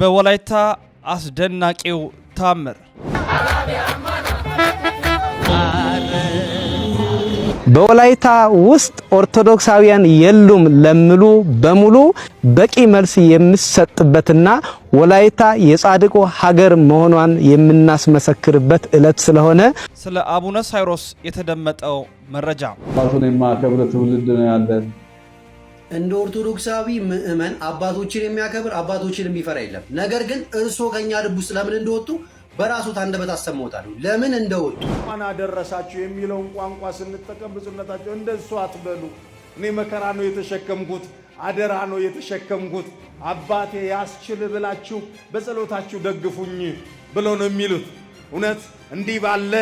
በወላይታ አስደናቂው ታምር በወላይታ ውስጥ ኦርቶዶክሳውያን የሉም ለሚሉ በሙሉ በቂ መልስ የሚሰጥበትና ወላይታ የጻድቁ ሀገር መሆኗን የምናስመሰክርበት እለት ስለሆነ ስለ አቡነ ሳይሮስ የተደመጠው መረጃ ራሱን ትውልድ ነው ያለን። እንደ ኦርቶዶክሳዊ ምእመን አባቶችን የሚያከብር አባቶችን የሚፈራ የለም። ነገር ግን እርስዎ ከኛ ልብ ውስጥ ለምን እንደወጡ በራሱ አንደበት አሰማዎታል። ለምን እንደወጡ እንኳን አደረሳችሁ የሚለውን ቋንቋ ስንጠቀም ብፁዕነታቸው እንደሱ አትበሉ። እኔ መከራ ነው የተሸከምኩት፣ አደራ ነው የተሸከምኩት፣ አባቴ ያስችል ብላችሁ በጸሎታችሁ ደግፉኝ ብለው ነው የሚሉት። እውነት እንዲህ ባለ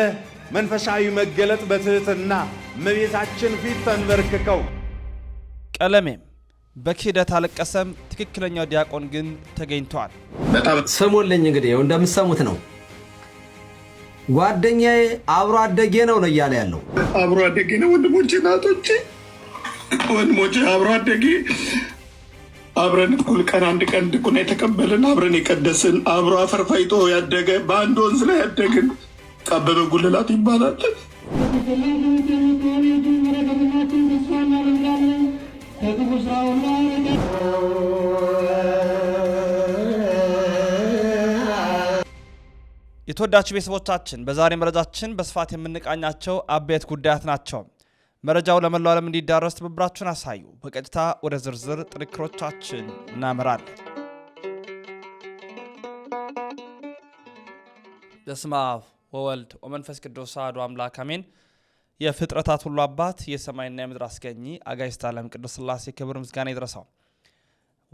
መንፈሳዊ መገለጥ በትህትና እመቤታችን ፊት ተንበርክከው ቀለሜም በክህደት አለቀሰም። ትክክለኛው ዲያቆን ግን ተገኝቷል። ስሙልኝ እንግዲህ ው እንደምሰሙት ነው። ጓደኛዬ አብሮ አደጌ ነው ነው እያለ ያለው አብሮ አደጌ ነው። ወንድሞቼ ናቶቼ፣ ወንድሞቼ አብሮ አደጌ አብረን እኩል ቀን አንድ ቀን እንድቁና የተቀበልን አብረን የቀደስን አብሮ አፈርፋይጦ ያደገ በአንድ ወንዝ ላይ ያደግን አበበ ጉልላት ይባላል። የተወዳችሁ ቤተሰቦቻችን በዛሬ መረጃችን በስፋት የምንቃኛቸው አበይት ጉዳያት ናቸው። መረጃው ለመላው ዓለም እንዲዳረስ ትብብራችሁን አሳዩ። በቀጥታ ወደ ዝርዝር ጥንክሮቻችን እናምራለን። በስመ አብ ወወልድ ወመንፈስ ቅዱስ አሐዱ አምላክ አሜን። የፍጥረታት ሁሉ አባት የሰማይና የምድር አስገኚ አጋዕዝተ ዓለም ቅዱስ ሥላሴ ክብር ምስጋና ይድረሰው።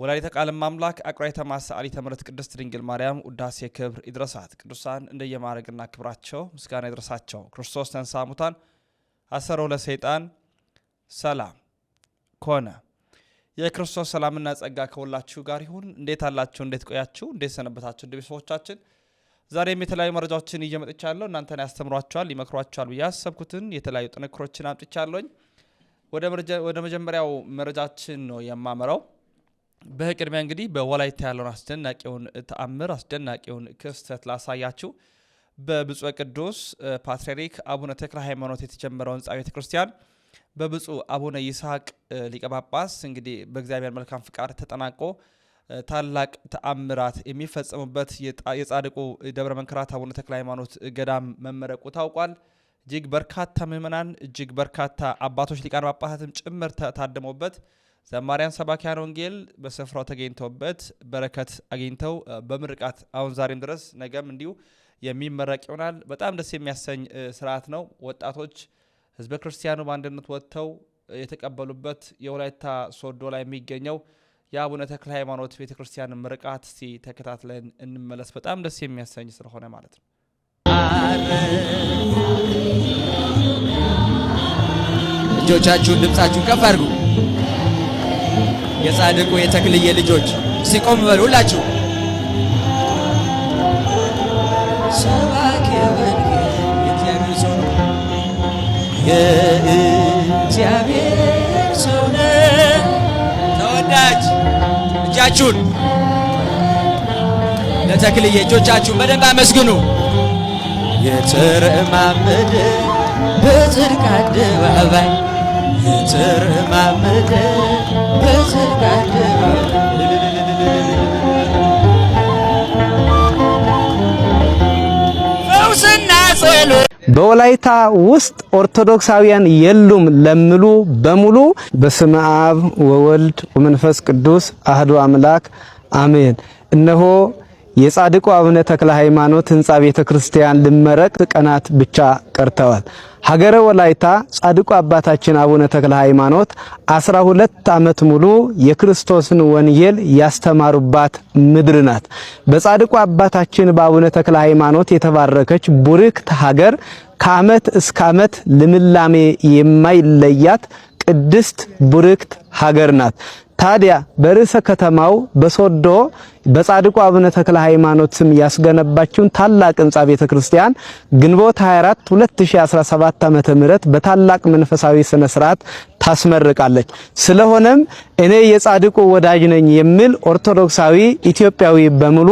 ወላዲተ ቃል አምላክ አቁራይተ ማሰአሊ ተምህርት ቅድስት ድንግል ማርያም ውዳሴ ክብር ይድረሳት። ቅዱሳን እንደየማዕረግና ክብራቸው ምስጋና ይድረሳቸው። ክርስቶስ ተንሥአ እሙታን አሰሮ ለሰይጣን ሰላም ኮነ። የክርስቶስ ሰላምና ጸጋ ከሁላችሁ ጋር ይሁን። እንዴት አላችሁ? እንዴት ቆያችሁ? እንዴት ሰነበታችሁ? ቤተሰቦቻችን ዛሬም የተለያዩ መረጃዎችን እየመጥቻለሁ እናንተን ያስተምሯቸዋል፣ ይመክሯቸዋል ብዬ ያሰብኩትን የተለያዩ ጥንክሮችን አምጥቻለኝ። ወደ መጀመሪያው መረጃችን ነው የማመራው። በቅድሚያ እንግዲህ በወላይታ ያለውን አስደናቂውን ተአምር አስደናቂውን ክስተት ላሳያችሁ። በብፁዕ ቅዱስ ፓትርያርክ አቡነ ተክለ ሃይማኖት የተጀመረው ህንፃ ቤተ ክርስቲያን በብፁዕ አቡነ ይስሐቅ ሊቀ ጳጳስ እንግዲህ በእግዚአብሔር መልካም ፍቃድ ተጠናቆ ታላቅ ተአምራት የሚፈጸሙበት የጻድቁ ደብረ መንከራት አቡነ ተክለ ሃይማኖት ገዳም መመረቁ ታውቋል። እጅግ በርካታ ምዕመናን፣ እጅግ በርካታ አባቶች ሊቃነ ጳጳሳትም ጭምር ታደመውበት ዘማሪያን፣ ሰባኪያን ወንጌል በስፍራው ተገኝተውበት በረከት አግኝተው በምርቃት አሁን ዛሬም ድረስ ነገም እንዲሁ የሚመረቅ ይሆናል። በጣም ደስ የሚያሰኝ ስርዓት ነው። ወጣቶች ህዝበ ክርስቲያኑ በአንድነት ወጥተው የተቀበሉበት የወላይታ ሶዶ ላይ የሚገኘው የአቡነ ተክለ ሃይማኖት ቤተ ክርስቲያን ምርቃት ሲ ተከታትለን እንመለስ። በጣም ደስ የሚያሰኝ ስለሆነ ማለት ነው። ልጆቻችሁን ድምፃችሁን ከፍ አድርጉ። የጻድቁ የተክልዬ ልጆች ሲቆም በሉ ሁላችሁ የእግዚአብሔር እጆቻችሁን ለተክልዬ እጆቻችሁን በደንብ አመስግኑ። የተረማመደ በጽድቅ አደባባይ የተረማመደ በጽድቅ አደባባይ ፈውስና ጸሎ በወላይታ ውስጥ ኦርቶዶክሳውያን የሉም ለምሉ በሙሉ በስመ አብ ወወልድ ወመንፈስ ቅዱስ አህዱ አምላክ አሜን። እነሆ የጻድቁ አቡነ ተክለ ሃይማኖት ህንጻ ቤተክርስቲያን ልመረቅ ቀናት ብቻ ቀርተዋል። ሀገረ ወላይታ ጻድቁ አባታችን አቡነ ተክለ ሃይማኖት አስራ ሁለት ዓመት ሙሉ የክርስቶስን ወንጌል ያስተማሩባት ምድር ናት። በጻድቁ አባታችን በአቡነ ተክለ ሃይማኖት የተባረከች ቡርክት ሀገር ከዓመት እስከ ዓመት ልምላሜ የማይለያት ቅድስት ቡርክት ሀገር ናት። ታዲያ በርዕሰ ከተማው በሶዶ በጻድቁ አቡነ ተክለ ሃይማኖት ስም ያስገነባችውን ታላቅ ህንጻ ቤተክርስቲያን ግንቦት 24 2017 ዓመተ ምህረት በታላቅ መንፈሳዊ ስነ ስርዓት ታስመርቃለች። ስለሆነም እኔ የጻድቁ ወዳጅ ነኝ የሚል ኦርቶዶክሳዊ ኢትዮጵያዊ በሙሉ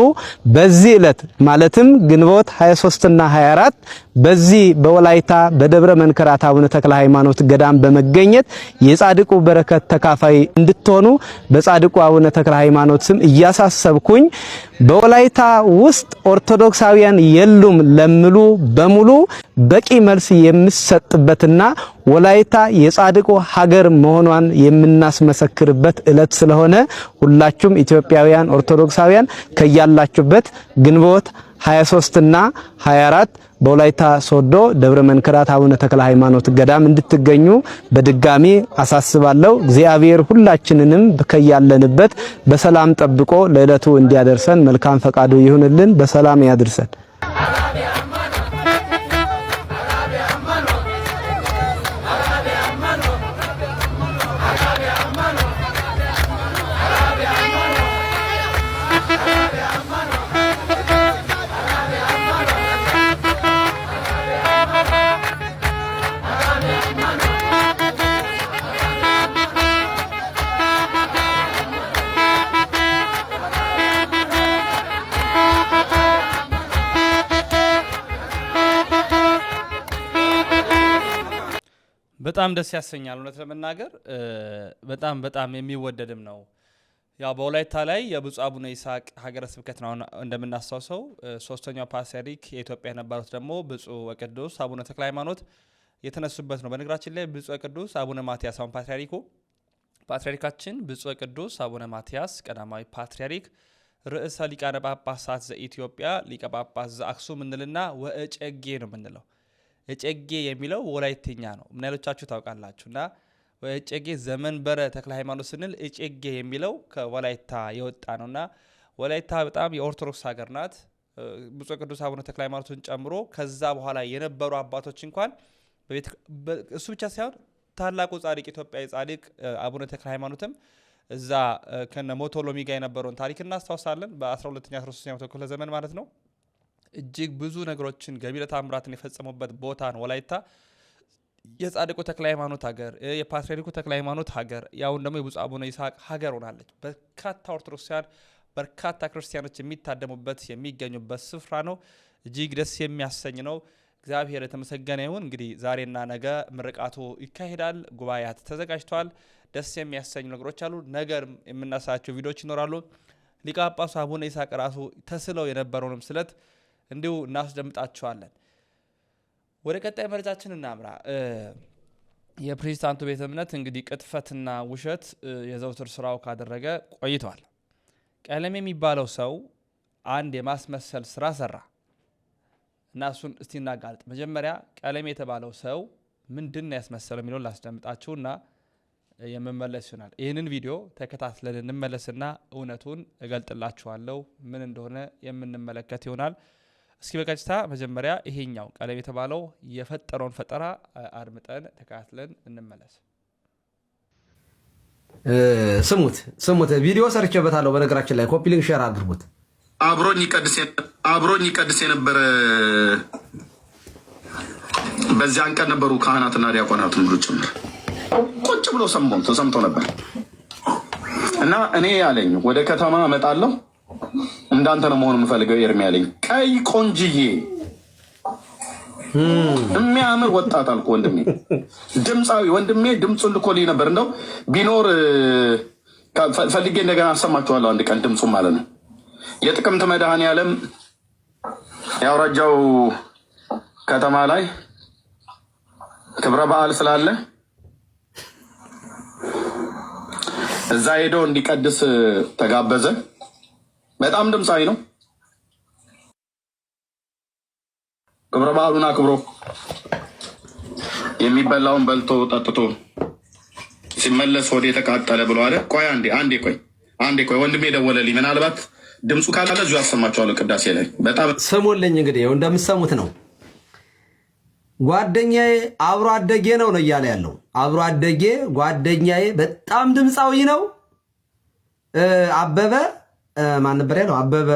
በዚህ ዕለት ማለትም ግንቦት 23 እና 24 በዚህ በወላይታ በደብረ መንከራት አቡነ ተክለ ሃይማኖት ገዳም በመገኘት የጻድቁ በረከት ተካፋይ እንድትሆኑ በጻድቁ አቡነ ተክለ ሃይማኖት ስም እያሳሰብኩኝ በወላይታ ውስጥ ኦርቶዶክሳውያን የሉም ለምሉ በሙሉ በቂ መልስ የሚሰጥበትና ወላይታ የጻድቁ ሀገር መሆኗን የምናስመሰክርበት እለት ስለሆነ ሁላችሁም ኢትዮጵያውያን ኦርቶዶክሳውያን ከያላችሁበት ግንቦት 23 እና 24 በወላይታ ሶዶ ደብረ መንከራት አቡነ ተክለ ሃይማኖት ገዳም እንድትገኙ በድጋሚ አሳስባለሁ። እግዚአብሔር ሁላችንንም ከያለንበት በሰላም ጠብቆ ለዕለቱ እንዲያደርሰን መልካም ፈቃዱ ይሁንልን። በሰላም ያድርሰን። በጣም ደስ ያሰኛል። እውነት ለመናገር በጣም በጣም የሚወደድም ነው። ያው በወላይታ ላይ የብፁዕ አቡነ ይስሐቅ ሀገረ ስብከት ነው እንደምናስታውሰው። ሶስተኛው ፓትርያርክ የኢትዮጵያ የነበሩት ደግሞ ብፁዕ ወቅዱስ አቡነ ተክለ ሃይማኖት የተነሱበት ነው። በነገራችን ላይ ብፁዕ ወቅዱስ አቡነ ማትያስ አሁን ፓትርያርኩ ፓትርያርካችን ብፁዕ ወቅዱስ አቡነ ማትያስ ቀዳማዊ ፓትርያርክ ርዕሰ ሊቃነ ጳጳሳት ዘኢትዮጵያ ሊቀ ጳጳስ ዘአክሱም እንልና ወእጨጌ ነው የምንለው እጨጌ የሚለው ወላይተኛ ነው። ምናይሎቻችሁ ታውቃላችሁ። እና እጨጌ በረ ተክለ ሃይማኖት ስንል እጨጌ የሚለው ከወላይታ የወጣ ነው። እና ወላይታ በጣም የኦርቶዶክስ ሀገር ናት። ብፁዕ ቅዱስ አቡነ ተክለ ሃይማኖቱን ጨምሮ ከዛ በኋላ የነበሩ አባቶች እንኳን እሱ ብቻ ሳይሆን ታላቁ ጻድቅ ኢትዮጵያዊ ጻድቅ አቡነ ተክለ ሃይማኖትም እዛ ከነ ሞቶሎሚ ጋር የነበረውን ታሪክ እናስታውሳለን። በ12ኛ 13ኛ መቶ ክፍለ ዘመን ማለት ነው። እጅግ ብዙ ነገሮችን ገቢረ ተአምራትን የፈጸሙበት ቦታ ነው ወላይታ። የጻድቁ ተክለ ሃይማኖት ሀገር፣ የፓትርያርኩ ተክለ ሃይማኖት ሀገር፣ ያሁን ደግሞ የብፁዕ አቡነ ይስሐቅ ሀገር ሆናለች። በርካታ ኦርቶዶክሳውያን፣ በርካታ ክርስቲያኖች የሚታደሙበት የሚገኙበት ስፍራ ነው። እጅግ ደስ የሚያሰኝ ነው። እግዚአብሔር የተመሰገነ ይሁን። እንግዲህ ዛሬና ነገ ምርቃቱ ይካሄዳል። ጉባኤያት ተዘጋጅተዋል። ደስ የሚያሰኙ ነገሮች አሉ። ነገር የምናሳቸው ቪዲዮዎች ይኖራሉ። ሊቀ ጳጳሱ አቡነ ይስሐቅ ራሱ ተስለው የነበረውንም ስለት እንዲሁ እናስደምጣቸዋለን። ወደ ቀጣይ መረጃችን እናምራ። የፕሬዚዳንቱ ቤተ እምነት እንግዲህ ቅጥፈትና ውሸት የዘውትር ስራው ካደረገ ቆይተዋል። ቀለም የሚባለው ሰው አንድ የማስመሰል ስራ ሰራ እና እሱን እስቲ እናጋልጥ። መጀመሪያ ቀለም የተባለው ሰው ምንድን ነው ያስመሰለው የሚለውን ላስደምጣችሁና የምመለስ ይሆናል። ይህንን ቪዲዮ ተከታትለን እንመለስና እውነቱን እገልጥላችኋለሁ ምን እንደሆነ የምንመለከት ይሆናል። እስኪ በቀጥታ መጀመሪያ ይሄኛው ቀለም የተባለው የፈጠረውን ፈጠራ አድምጠን ተከታትለን እንመለስ። ስሙት ስሙት፣ ቪዲዮ ሰርቼበታለሁ። በነገራችን ላይ ኮፒሊንግ ሼር አድርጉት። አብሮኝ ይቀድስ የነበረ በዚያን ቀን ነበሩ ካህናትና ዲያቆናት ሙሉ ጭምር ቁጭ ብሎ ሰምቶ ነበር እና እኔ ያለኝ ወደ ከተማ እመጣለሁ እንዳንተ ነው መሆን የምፈልገው። ኤርሚያ ያለኝ ቀይ ቆንጅዬ የሚያምር ወጣት አልኩ። ወንድሜ ድምፃዊ ወንድሜ ድምፁን ልኮልኝ ነበር። እንደው ቢኖር ፈልጌ እንደገና አሰማችኋለሁ አንድ ቀን ድምፁ ማለት ነው። የጥቅምት መድኃኔዓለም የአውራጃው ከተማ ላይ ክብረ በዓል ስላለ እዛ ሄዶ እንዲቀድስ ተጋበዘ። በጣም ድምፃዊ ነው። ክብረ በዓሉን አክብሮ የሚበላውን በልቶ ጠጥቶ ሲመለስ ወደ የተቃጠለ ብሎ አለ። ቆይ አንዴ አንዴ ቆይ አንዴ ቆይ ወንድሜ የደወለልኝ ምናልባት ድምፁ ካለ እዚሁ ያሰማቸዋለሁ። ቅዳሴ ላይ በጣም ስሙልኝ። እንግዲህ እንደምሰሙት ነው። ጓደኛዬ አብሮ አደጌ ነው ነው እያለ ያለው አብሮ አደጌ ጓደኛዬ በጣም ድምፃዊ ነው አበበ ማን ነበር ያለው? አበበ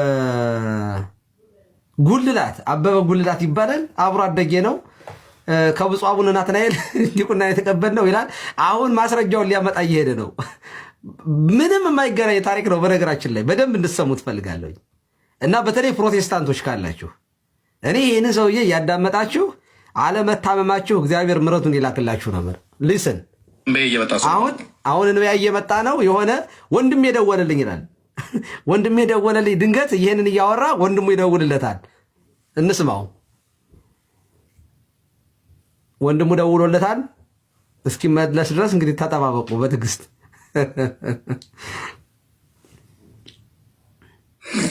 ጉልላት አበበ ጉልላት ይባላል። አብሮ አደጌ ነው። ከብፁዕ አቡነ ናትናኤል ዲቁና የተቀበልነው ይላል። አሁን ማስረጃውን ሊያመጣ እየሄደ ነው። ምንም የማይገናኝ ታሪክ ነው። በነገራችን ላይ በደንብ እንድሰሙት ፈልጋለሁ እና በተለይ ፕሮቴስታንቶች ካላችሁ እኔ ይህንን ሰውዬ እያዳመጣችሁ አለመታመማችሁ እግዚአብሔር ምረቱን ይላክላችሁ ነበር። ልስን አሁን አሁን እየመጣ ነው። የሆነ ወንድም የደወለልኝ ይላል ወንድሜ ደወለልኝ። ድንገት ይህንን እያወራ ወንድሙ ይደውልለታል። እንስማው። ወንድሙ ደውሎለታል። እስኪመለስ ድረስ እንግዲህ ተጠባበቁ በትዕግስት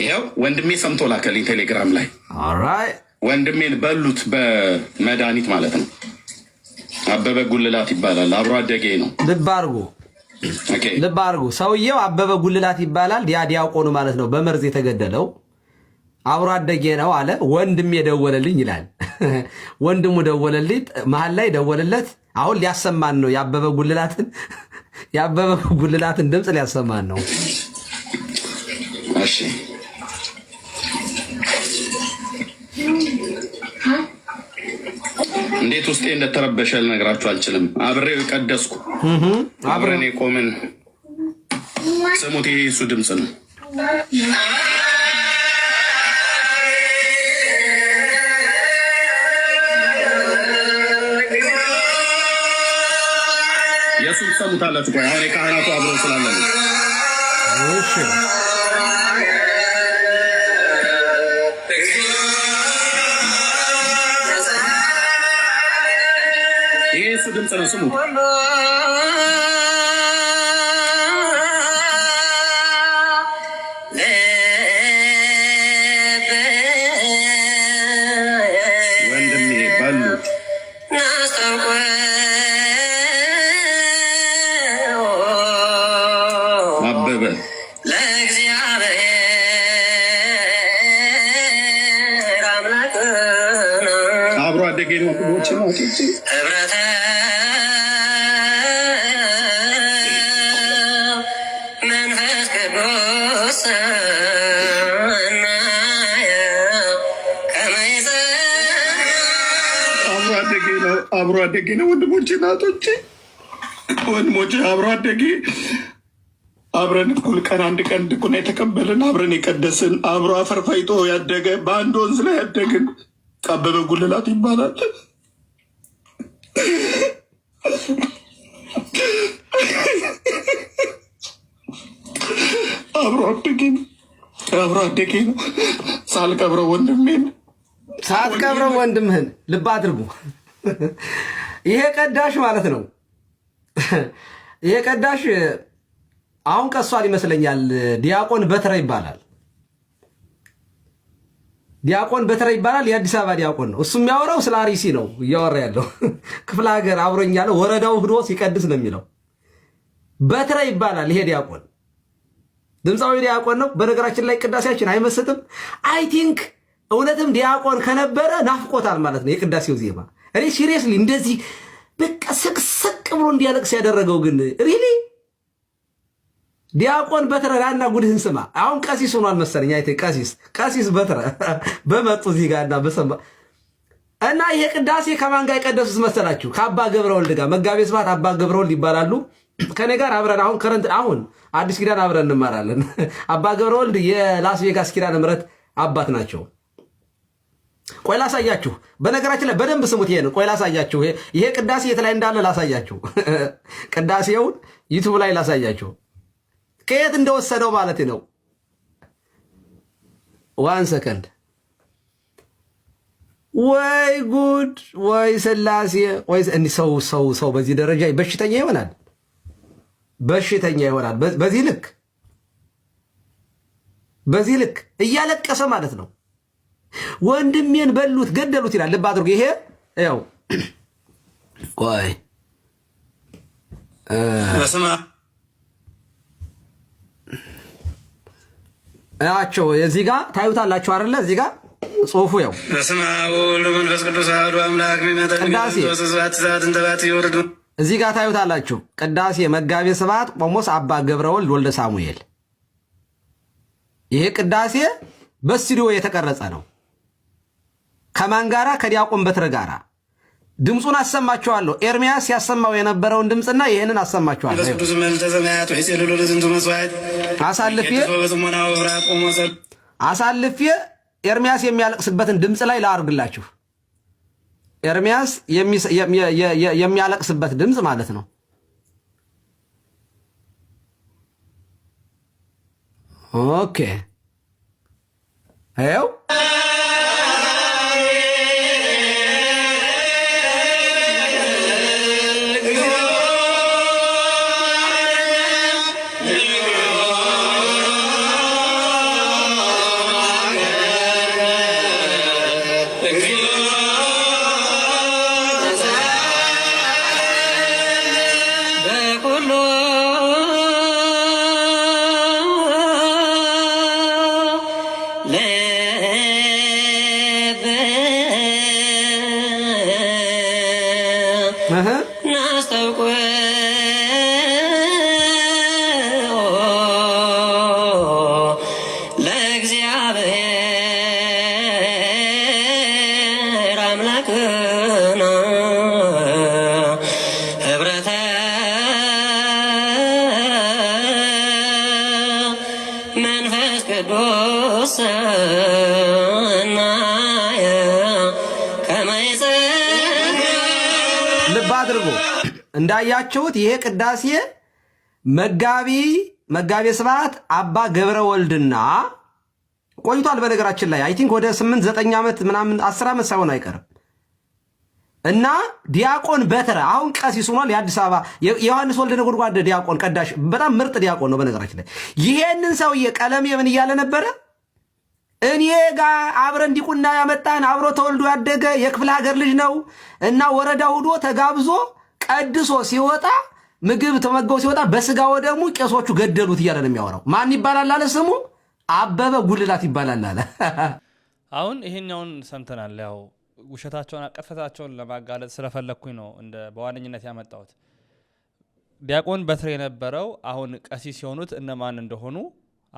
ይኸው ወንድሜ ሰምቶ ላከልኝ ቴሌግራም ላይ ወንድሜን በሉት በመድኃኒት ማለት ነው። አበበ ጉልላት ይባላል። አብሮ አደጌ ነው። ልብ አድርጎ ልብ አድርጉ። ሰውየው አበበ ጉልላት ይባላል። ያ ዲያቆኑ ማለት ነው። በመርዝ የተገደለው አብሮ አደጌ ነው አለ። ወንድም የደወለልኝ ይላል። ወንድሙ ደወለልኝ፣ መሀል ላይ ደወለለት። አሁን ሊያሰማን ነው የአበበ ጉልላትን የአበበ ጉልላትን ድምፅ ሊያሰማን ነው። እንዴት ውስጤ እንደተረበሸ ልነግራችሁ አልችልም። አብሬው የቀደስኩ አብረን የቆምን ስሙት፣ የሱ ድምፅ ነው። የሱ ሰሙት አላችሁ። ቆይ አሁን የካህናቱ አብረው ስላለ ነው። ድምፅ ነው። ስሙ አብሮ አደገ ነው። አደጌ ነው። ወንድሞቼ ናቶቼ፣ ወንድሞቼ አብሮ አደጌ አብረን እኩል ቀን አንድ ቀን ድቁና የተቀበልን አብረን የቀደስን አብሮ አፈር ያደገ በአንድ ወንዝ ላይ ያደግን ቀበበ ጉልላት ይባላል። አብሮ አደጌ ነው። አብሮ አደጌ ነው። ሳልቀብረው ወንድሜን ሳትቀብረው ወንድምህን ልብ አድርጉ። ይሄ ቀዳሽ ማለት ነው። ይሄ ቀዳሽ አሁን ቀሷል ይመስለኛል። ዲያቆን በትረ ይባላል። ዲያቆን በትረ ይባላል። የአዲስ አበባ ዲያቆን ነው። እሱ የሚያወራው ስለ አርሲ ነው እያወራ ያለው። ክፍለ ሀገር አብሮኝ ያለው ወረዳው ህዶ ሲቀድስ ነው የሚለው። በትረ ይባላል ይሄ ዲያቆን፣ ድምፃዊ ዲያቆን ነው። በነገራችን ላይ ቅዳሴያችን አይመስጥም። አይ ቲንክ እውነትም ዲያቆን ከነበረ ናፍቆታል ማለት ነው የቅዳሴው ዜማ እኔ ሲሪየስሊ እንደዚህ በቃ ስቅስቅ ብሎ እንዲያለቅስ ያደረገው ግን ሪሊ ዲያቆን በትረ ና ጉድህን ስማ። አሁን ቀሲስ ሆኗል መሰለኝ። አይ ቀሲስ ቀሲስ በትረ በመጡ እዚህ ጋር እና በሰማ እና ይሄ ቅዳሴ ከማን ጋር የቀደሱት መሰላችሁ? ከአባ ገብረ ወልድ ጋር መጋቤ ስብሐት አባ ገብረ ወልድ ይባላሉ። ከኔ ጋር አብረን አሁን ከረንት አሁን አዲስ ኪዳን አብረን እንማራለን። አባ ገብረ ወልድ የላስ ቬጋስ ኪዳነ ምሕረት አባት ናቸው። ቆይ ላሳያችሁ። በነገራችን ላይ በደንብ ስሙት ይሄን። ቆይ ላሳያችሁ። ይሄ ቅዳሴ የት ላይ እንዳለ ላሳያችሁ። ቅዳሴውን ዩቱብ ላይ ላሳያችሁ፣ ከየት እንደወሰደው ማለት ነው። ዋን ሰከንድ። ወይ ጉድ! ወይ ስላሴ! ወይ ሰው ሰው ሰው በዚህ ደረጃ በሽተኛ ይሆናል፣ በሽተኛ ይሆናል። በዚህ ልክ በዚህ ልክ እያለቀሰ ማለት ነው ወንድሜን በሉት ገደሉት ይላል። ልብ አድርጉ። ይሄ ው ቆይ ያቸው እዚህ ጋር ታዩታላችሁ አይደለ? እዚህ ጋር ጽሁፉ ያው ቅዱስ እዚህ ጋር ታዩታላችሁ። ቅዳሴ መጋቤ ስብሐት ቆሞስ አባ ገብረወልድ ወልደ ሳሙኤል። ይሄ ቅዳሴ በስቱዲዮ የተቀረጸ ነው። ከማን ጋራ? ከዲያቆን በትረ ጋራ ድምፁን አሰማችኋለሁ። ኤርሚያስ ያሰማው የነበረውን ድምፅና ይህንን አሰማችኋለሁ። አሳልፌ ኤርሚያስ የሚያለቅስበትን ድምፅ ላይ ላርግላችሁ ኤርሚያስ የሚያለቅስበት ድምፅ ማለት ነው። ኦኬ ይኸው ደብረተ መንፈስ ቅዱስ ናየ ልብ አድርጎ እንዳያችሁት ይሄ ቅዳሴ መጋቢ መጋቤ ስብሐት አባ ገብረ ወልድና ቆይቷል። በነገራችን ላይ አይ ቲንክ ወደ ስምንት ዘጠኝ ዓመት ምናምን አስር ዓመት ሳይሆን አይቀርም እና ዲያቆን በትረ አሁን ቀሲስ ሆኗል። የአዲስ አበባ የዮሐንስ ወልደ ነጎድጓድ ዲያቆን ቀዳሽ፣ በጣም ምርጥ ዲያቆን ነው በነገራችን ላይ። ይሄንን ሰውዬ ቀለም የምን እያለ ነበረ? እኔ ጋር አብረን ዲቁና ያመጣን አብሮ ተወልዶ ያደገ የክፍለ ሀገር ልጅ ነው እና ወረዳ ሁዶ ተጋብዞ ቀድሶ ሲወጣ ምግብ ተመገቡ ሲወጣ በስጋው ደግሞ ቄሶቹ ገደሉት እያለ ነው የሚያወራው። ማን ይባላል አለ ስሙ አበበ ጉልላት ይባላል አለ። አሁን ይሄኛውን ሰምተናል ያው ውሸታቸውን ቀፈታቸውን ለማጋለጥ ስለፈለግኩኝ ነው እንደ በዋነኝነት ያመጣሁት። ዲያቆን በትር የነበረው አሁን ቀሲስ የሆኑት እነማን እንደሆኑ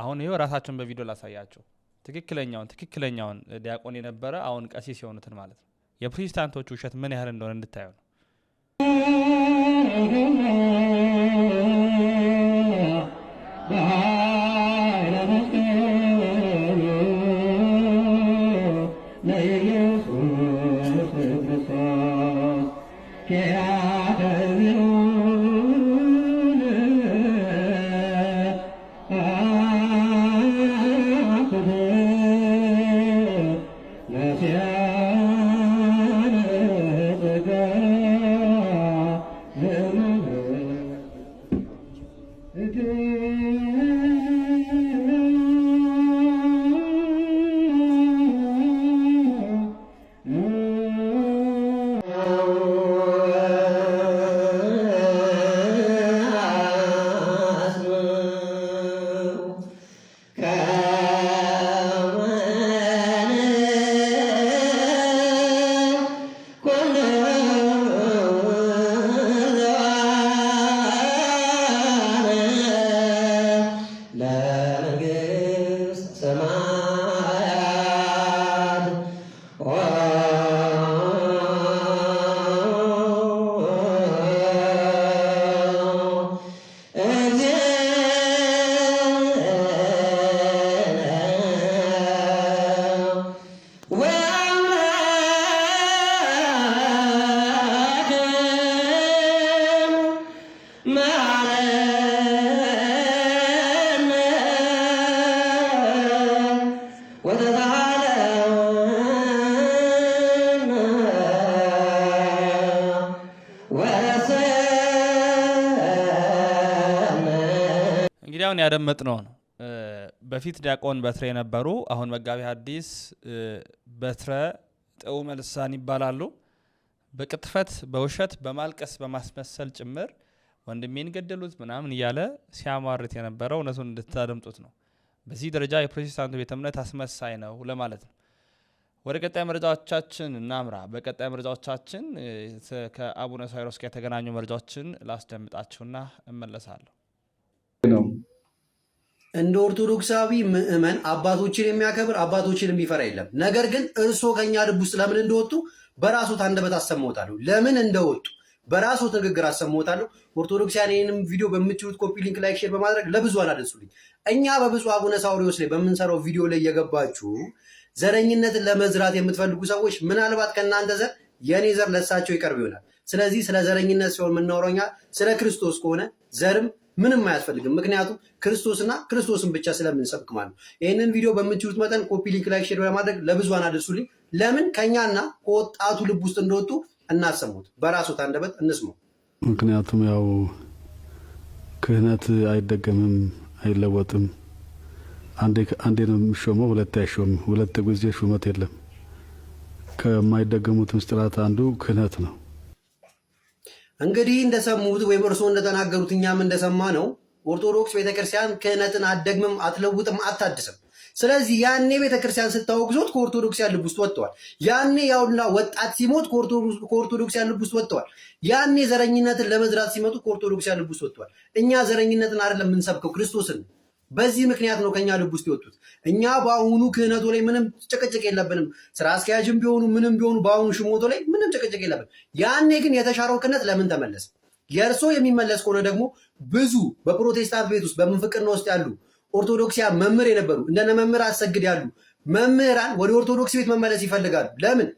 አሁን ይኸው ራሳቸውን በቪዲዮ ላሳያቸው። ትክክለኛውን ትክክለኛውን ዲያቆን የነበረ አሁን ቀሲስ ሲሆኑትን ማለት ነው። የፕሮቴስታንቶች ውሸት ምን ያህል እንደሆነ እንድታዩ ነው። again. ያደመጥነው ነው። በፊት ዲያቆን በትረ የነበሩ አሁን መጋቢ ሐዲስ በትረ ጥዑመ ልሳን ይባላሉ። በቅጥፈት በውሸት በማልቀስ በማስመሰል ጭምር ወንድሜን ገደሉት ምናምን እያለ ሲያሟርት የነበረው እውነቱን እንድታደምጡት ነው። በዚህ ደረጃ የፕሮቴስታንቱ ቤተ እምነት አስመሳይ ነው ለማለት ነው። ወደ ቀጣይ መረጃዎቻችን እናምራ። በቀጣይ መረጃዎቻችን ከአቡነ ሳይሮስ ጋር የተገናኙ መረጃዎችን ላስደምጣችሁና እመለሳለሁ። እንደ ኦርቶዶክሳዊ ምዕመን አባቶችን የሚያከብር አባቶችን የሚፈራ የለም። ነገር ግን እርስዎ ከኛ ልብ ውስጥ ለምን እንደወጡ በራሶት አንደበት አሰማዎታለሁ። ለምን እንደወጡ በራሶት ንግግር አሰማዎታለሁ። ኦርቶዶክሳውያን ይህንም ቪዲዮ በምትችሉት ኮፒ ሊንክ፣ ላይክ፣ ሼር በማድረግ ለብዙሃን አድርሱልኝ። እኛ በብፁዕ አቡነ ሳዊሮስ ላይ በምንሰራው ቪዲዮ ላይ የገባችሁ ዘረኝነትን ለመዝራት የምትፈልጉ ሰዎች ምናልባት ከእናንተ ዘር የእኔ ዘር ለሳቸው ይቀርብ ይሆናል። ስለዚህ ስለ ዘረኝነት ሲሆን የምናወራው እኛ ስለ ክርስቶስ ከሆነ ዘርም ምንም አያስፈልግም። ምክንያቱም ክርስቶስና ክርስቶስን ብቻ ስለምንሰብክ ማለት ነው። ይህንን ቪዲዮ በምችሉት መጠን ኮፒ ሊንክ፣ ላይ ሼር ለማድረግ ለብዙን አድርሱልኝ። ለምን ከኛና ከወጣቱ ልብ ውስጥ እንደወጡ እናሰሙት፣ በራሱት አንደበት እንስሙ። ምክንያቱም ያው ክህነት አይደገምም፣ አይለወጥም። አንዴ ነው የሚሾመው፣ ሁለት አይሾም። ሁለት ጊዜ ሹመት የለም። ከማይደገሙት ምስጢራት አንዱ ክህነት ነው። እንግዲህ እንደሰሙት ወይም እርሶ እንደተናገሩት እኛም እንደሰማ ነው ኦርቶዶክስ ቤተክርስቲያን ክህነትን አደግምም አትለውጥም፣ አታድስም። ስለዚህ ያኔ ቤተክርስቲያን ስታወግዞት ከኦርቶዶክሲያን ልብ ውስጥ ወጥተዋል። ያኔ ያውላ ወጣት ሲሞት ከኦርቶዶክሲያን ልብ ውስጥ ወጥተዋል። ያኔ ዘረኝነትን ለመዝራት ሲመጡ ከኦርቶዶክሲያን ልብ ውስጥ ወጥተዋል። እኛ ዘረኝነትን አይደለም የምንሰብከው ክርስቶስን በዚህ ምክንያት ነው ከኛ ልብ ውስጥ የወጡት። እኛ በአሁኑ ክህነቱ ላይ ምንም ጭቅጭቅ የለብንም። ስራ አስኪያጅም ቢሆኑ ምንም ቢሆኑ በአሁኑ ሽሞቶ ላይ ምንም ጭቅጭቅ የለብን። ያኔ ግን የተሻረው ክህነት ለምን ተመለሰ? የእርሶ የሚመለስ ከሆነ ደግሞ ብዙ በፕሮቴስታንት ቤት ውስጥ በምንፍቅና ውስጥ ያሉ ኦርቶዶክሲያ መምህር የነበሩ እንደነ መምህር አሰግድ ያሉ መምህራን ወደ ኦርቶዶክስ ቤት መመለስ ይፈልጋሉ። ለምን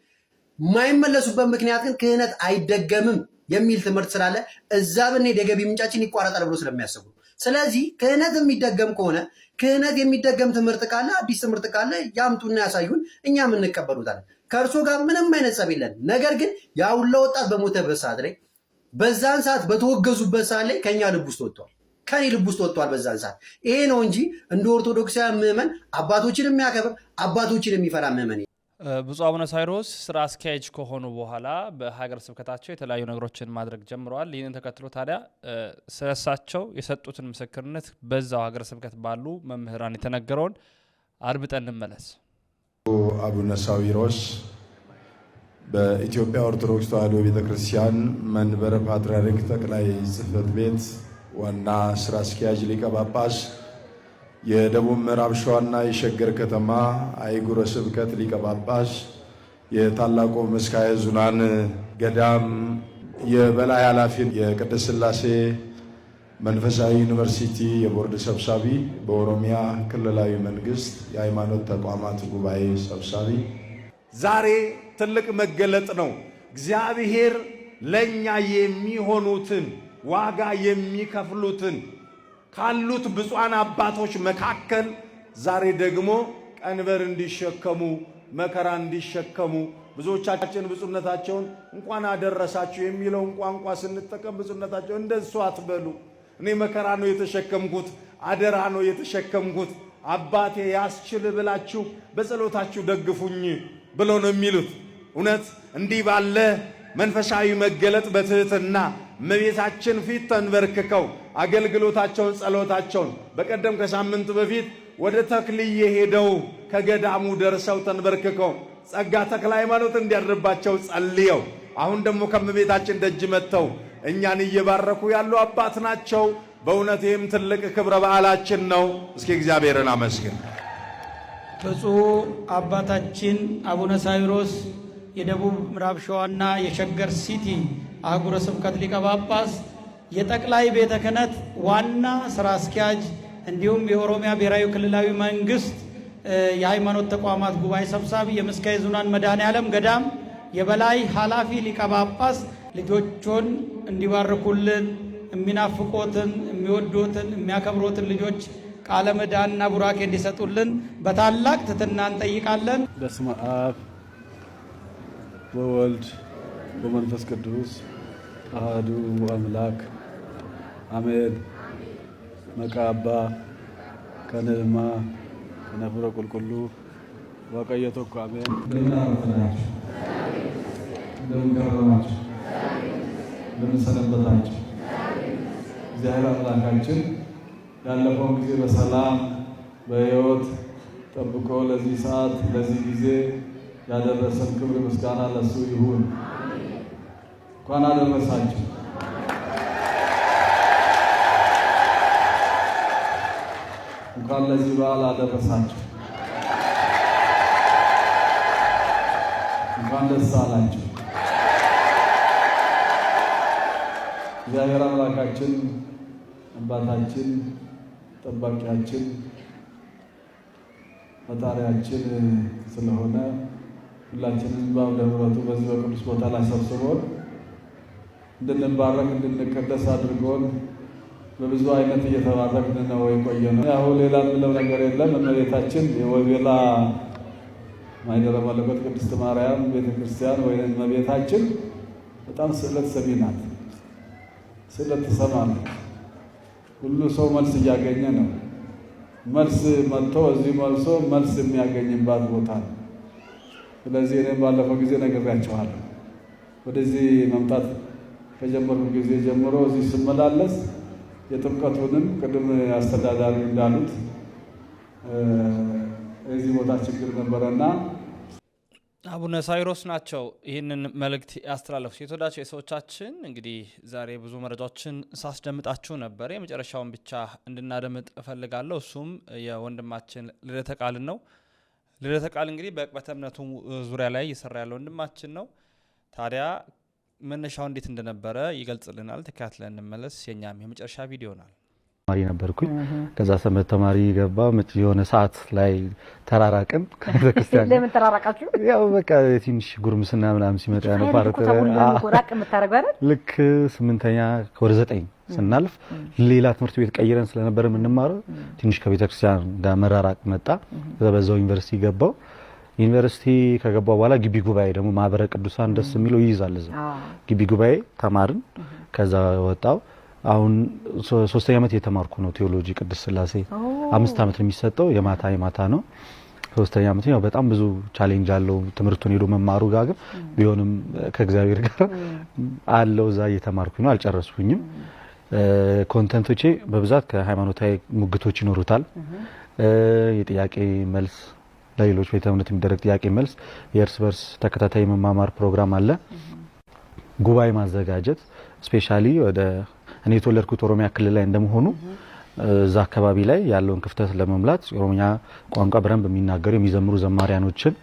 የማይመለሱበት ምክንያት ግን ክህነት አይደገምም የሚል ትምህርት ስላለ እዛ ብንሄድ የገቢ ምንጫችን ይቋረጣል ብሎ ስለሚያስቡ ስለዚህ ክህነት የሚደገም ከሆነ ክህነት የሚደገም ትምህርት ካለ አዲስ ትምህርት ካለ ያምጡና ያሳዩን፣ እኛም እንቀበሉታለን። ከእርሶ ጋር ምንም አይነት ጸብ የለን። ነገር ግን ያ ወጣት በሞተበት ሰዓት ላይ በዛን ሰዓት በተወገዙበት ሰዓት ላይ ከእኛ ልብ ውስጥ ወጥቷል፣ ከኔ ልብ ውስጥ ወጥቷል በዛን ሰዓት። ይሄ ነው እንጂ እንደ ኦርቶዶክሳዊ ምዕመን አባቶችን የሚያከብር አባቶችን የሚፈራ ምዕመን ብፁዕ አቡነ ሳይሮስ ስራ አስኪያጅ ከሆኑ በኋላ በሀገረ ስብከታቸው የተለያዩ ነገሮችን ማድረግ ጀምረዋል። ይህንን ተከትሎ ታዲያ ስለሳቸው የሰጡትን ምስክርነት በዛው ሀገረ ስብከት ባሉ መምህራን የተነገረውን አድምጠን እንመለስ። አቡነ ሳዊሮስ በኢትዮጵያ ኦርቶዶክስ ተዋሕዶ ቤተ ክርስቲያን መንበረ ፓትርያርክ ጠቅላይ ጽሕፈት ቤት ዋና ስራ አስኪያጅ ሊቀ ጳጳስ የደቡብ ምዕራብ ሸዋና የሸገር ከተማ አህጉረ ስብከት ሊቀ ጳጳስ፣ የታላቁ ምስካየ ኅዙናን ገዳም የበላይ ኃላፊ፣ የቅድስት ሥላሴ መንፈሳዊ ዩኒቨርሲቲ የቦርድ ሰብሳቢ፣ በኦሮሚያ ክልላዊ መንግስት የሃይማኖት ተቋማት ጉባኤ ሰብሳቢ፣ ዛሬ ትልቅ መገለጥ ነው። እግዚአብሔር ለእኛ የሚሆኑትን ዋጋ የሚከፍሉትን ካሉት ብፁዓን አባቶች መካከል ዛሬ ደግሞ ቀንበር እንዲሸከሙ መከራ እንዲሸከሙ ብዙዎቻችን ብፁዕነታቸውን እንኳን አደረሳችሁ የሚለውን ቋንቋ ስንጠቀም ብፁዕነታቸው እንደሱ አትበሉ። እኔ መከራ ነው የተሸከምኩት፣ አደራ ነው የተሸከምኩት፣ አባቴ ያስችል ብላችሁ በጸሎታችሁ ደግፉኝ ብለው ነው የሚሉት። እውነት እንዲህ ባለ መንፈሳዊ መገለጥ በትህትና እመቤታችን ፊት ተንበርክከው አገልግሎታቸውን፣ ጸሎታቸውን በቀደም ከሳምንቱ በፊት ወደ ተክልዬ ሄደው ከገዳሙ ደርሰው ተንበርክከው ጸጋ ተክለ ሃይማኖት እንዲያድርባቸው ጸልየው አሁን ደግሞ ከእመቤታችን ደጅ መጥተው እኛን እየባረኩ ያሉ አባት ናቸው። በእውነት ይህም ትልቅ ክብረ በዓላችን ነው። እስኪ እግዚአብሔርን አመስግን። ብፁዕ አባታችን አቡነ ሳይሮስ የደቡብ ምዕራብ ሸዋና የሸገር ሲቲ አህጉረ ስብከት ሊቀ ጳጳስ፣ የጠቅላይ ቤተ ክህነት ዋና ስራ አስኪያጅ እንዲሁም የኦሮሚያ ብሔራዊ ክልላዊ መንግስት የሃይማኖት ተቋማት ጉባኤ ሰብሳቢ የምስካየ ኅዙናን መድኃኔዓለም ገዳም የበላይ ኃላፊ ሊቀ ጳጳስ ልጆቹን እንዲባርኩልን የሚናፍቆትን የሚወዱትን የሚያከብሩትን ልጆች ቃለ ምዕዳንና ቡራኬ እንዲሰጡልን በታላቅ ትህትና እንጠይቃለን። በስመ አብ ወወልድ ወመንፈስ ቅዱስ አህዱ አምላክ አሜን። መቃባ ከንልማ ከነፍረ ቁልቁሉ ዋቀየቶ እኮ አሜን። እግዚአብሔር አምላካችን ያለፈውን ጊዜ በሰላም በህይወት ጠብቆ ለዚህ ሰዓት ለዚህ ጊዜ ያደረሰን ክብር ምስጋና ለሱ ይሁን። እንኳን አደረሳችሁ። እንኳን ለዚህ በዓል አደረሳችሁ። እንኳን ደስ አላችሁ። እግዚአብሔር አምላካችን አባታችን፣ ጠባቂያችን፣ ፈጣሪያችን ስለሆነ ሁላችንም በአውደ ምሕረቱ በዚህ በቅዱስ ቦታ ላይ ሰብስቦን እንድንባረክ እንድንቀደስ አድርጎን በብዙ አይነት እየተባረክን ነው የቆየ ነው። ያው ሌላ የምለው ነገር የለም። እመቤታችን የወቤላ ማይደረ መለኮት ቅድስት ማርያም ቤተክርስቲያን ወይ እመቤታችን በጣም ስዕለት ሰሚ ናት። ስዕለት ትሰማለች። ሁሉ ሰው መልስ እያገኘ ነው። መልስ መጥቶ እዚህ መልሶ መልስ የሚያገኝባት ቦታ ነው። ስለዚህ እኔም ባለፈው ጊዜ ነግሬያቸዋለሁ ወደዚህ መምጣት ከጀመርኩ ጊዜ ጀምሮ እዚህ ስመላለስ የጥምቀቱንም ቅድም አስተዳዳሪ እንዳሉት እዚህ ቦታ ችግር ነበረና አቡነ ሳይሮስ ናቸው ይህንን መልእክት ያስተላለፉ። የተወዳቸው የሰዎቻችን እንግዲህ ዛሬ ብዙ መረጃዎችን ሳስደምጣችሁ ነበር። የመጨረሻውን ብቻ እንድናደምጥ እፈልጋለሁ። እሱም የወንድማችን ልደተ ቃልን ነው። ልደተ ቃል እንግዲህ በቅበተ እምነቱ ዙሪያ ላይ እየሰራ ያለ ወንድማችን ነው። ታዲያ መነሻው እንዴት እንደነበረ ይገልጽልናል። ተከታትለን እንመለስ። የኛም የመጨረሻ ቪዲዮ ናል። ተማሪ ነበርኩኝ። ከዛ ሰንበት ተማሪ ገባ። የሆነ ሰዓት ላይ ተራራቅን። ከቤተክርስቲያን ለምን ተራራቃችሁ? ያው በቃ ትንሽ ጉርምስና ምናምን ሲመጣ ነበር። ልክ ስምንተኛ ወደ ዘጠኝ ስናልፍ ሌላ ትምህርት ቤት ቀይረን ስለነበረ የምንማረው ትንሽ ከቤተክርስቲያን ጋር መራራቅ መጣ። በዛው ዩኒቨርሲቲ ገባው። ዩኒቨርሲቲ ከገባ በኋላ ግቢ ጉባኤ ደግሞ ማህበረ ቅዱሳን ደስ የሚለው ይይዛል። እዛ ግቢ ጉባኤ ተማርን። ከዛ ወጣው አሁን ሶስተኛ ዓመት የተማርኩ ነው ቴዎሎጂ ቅዱስ ስላሴ አምስት ዓመት ነው የሚሰጠው። የማታ የማታ ነው ሶስተኛ ዓመት ያው በጣም ብዙ ቻሌንጅ አለው ትምህርቱን ሄዶ መማሩ ጋር ግን ቢሆንም ከእግዚአብሔር ጋር አለው እዛ እየተማርኩኝ ነው። አልጨረስኩኝም። ኮንተንቶቼ በብዛት ከሃይማኖታዊ ሙግቶች ይኖሩታል። የጥያቄ መልስ ለሌሎች ቤተ እምነት የሚደረግ ጥያቄ መልስ፣ የእርስ በርስ ተከታታይ የመማማር ፕሮግራም አለ። ጉባኤ ማዘጋጀት ስፔሻሊ ወደ እኔ የተወለድኩት ኦሮሚያ ክልል ላይ እንደመሆኑ እዛ አካባቢ ላይ ያለውን ክፍተት ለመምላት የኦሮሚያ ቋንቋ በደንብ የሚናገሩ የሚዘምሩ ዘማሪያኖችን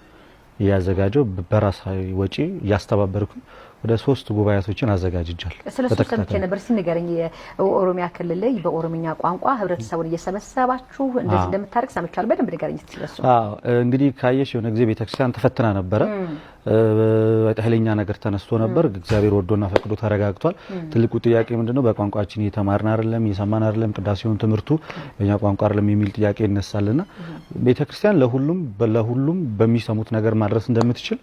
እያዘጋጀው በራሳዊ ወጪ እያስተባበርኩ ወደ ሶስት ጉባኤያቶችን አዘጋጅቻለሁ። ስለሱ ሰምቼ ነበር። እስኪ የኦሮሚያ ክልል ላይ በኦሮምኛ ቋንቋ ህብረተሰቡን እየሰበሰባችሁ እንደዚህ እንደምታደርግ ሰምቻለሁ። በደንብ ንገረኝ እስኪ አዎ እንግዲህ ካየሽ የሆነ ጊዜ ቤተክርስቲያን ተፈትና ነበረ። ኃይለኛ ነገር ተነስቶ ነበር። እግዚአብሔር ወዶና ፈቅዶ ተረጋግቷል። ትልቁ ጥያቄ ምንድነው? በቋንቋችን እየተማርን አይደለም፣ እየሰማን አይደለም፣ ቅዳሴውን ትምህርቱ በእኛ ቋንቋ አይደለም የሚል ጥያቄ ይነሳልና ቤተክርስቲያን ለሁሉም ለሁሉም በሚሰሙት ነገር ማድረስ እንደምትችል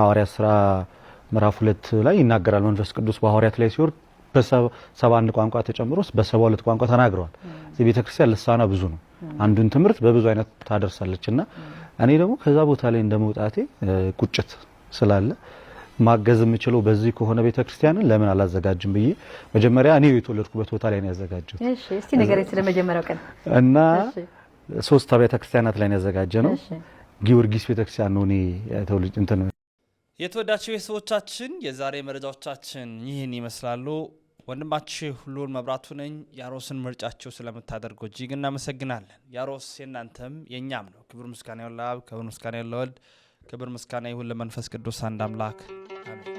ሐዋርያ ስራ ምዕራፍ ሁለት ላይ ይናገራል። መንፈስ ቅዱስ በሐዋርያት ላይ ሲወርድ በሰባ አንድ ቋንቋ ተጨምሮ በሰባ ሁለት ቋንቋ ተናግረዋል። እዚህ ቤተ ክርስቲያን ልሳና ብዙ ነው። አንዱን ትምህርት በብዙ አይነት ታደርሳለች እና እኔ ደግሞ ከዛ ቦታ ላይ እንደ መውጣቴ ቁጭት ስላለ ማገዝ የምችለው በዚህ ከሆነ ቤተ ክርስቲያንን ለምን አላዘጋጅም ብዬ መጀመሪያ እኔ የተወለድኩበት ቦታ ላይ ነው ያዘጋጀሁት። እስቲ ነገር ስለ መጀመሪያው ቀን እና ሶስት አብያተ ክርስቲያናት ላይ ነው ያዘጋጀ ነው። ጊዮርጊስ ቤተክርስቲያን ነው እኔ የተወዳቸው የሰዎቻችን የዛሬ መረጃዎቻችን ይህን ይመስላሉ። ወንድማችሁ ሁሉን መብራቱ ነኝ። ያሮስን ምርጫችሁ ስለምታደርጉ እጅግ እናመሰግናለን። ያሮስ የእናንተም የእኛም ነው። ክብር ምስጋና ይሁን ለአብ፣ ክብር ምስጋና ይሁን ለወልድ፣ ክብር ምስጋና ይሁን ለመንፈስ ቅዱስ አንድ አምላክ አሜን።